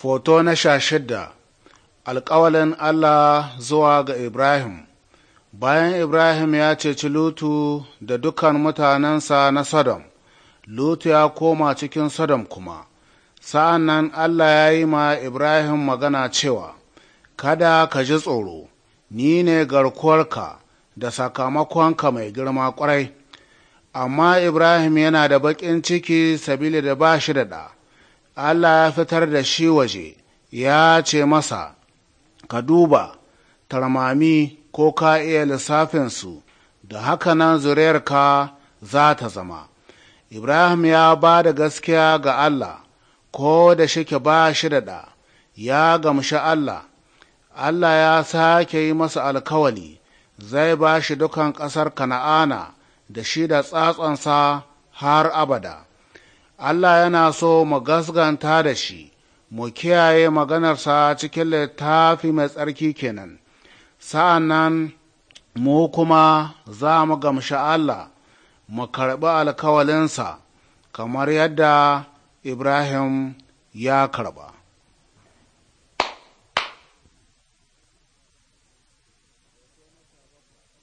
Foto na sha shidda Alƙawalin Allah zuwa ga Ibrahim Bayan Ibrahim ya ceci Lutu da dukan mutanensa na Sodom, Lutu ya koma cikin Sodom kuma, sa'an nan Allah ya yi ma Ibrahim magana cewa, Kada ka ji tsoro, ni ne garkuwarka da sakamakonka mai girma ƙwarai. Amma Ibrahim yana da baƙin ciki sabili da ba shi da ɗa. Allah ya fitar da shi waje ya ce masa, Ka duba, tarmami ko ka iya lissafinsu, da haka nan zuriyarka za ta zama. Ibrahim ya ba da gaskiya ga Allah, ko da shike ba shi da ɗa, ya gamshi Allah, Allah ya sake yi masa alkawali, zai ba shi dukan ƙasar Kana'ana da shi da tsatsansa har abada. Allah yana so mu gasganta da shi, mu kiyaye maganarsa cikin littafi mai tsarki kenan, sa'an nan mu kuma za mu gamshi Allah, mu karɓi alkawalinsa, kamar yadda Ibrahim ya karɓa.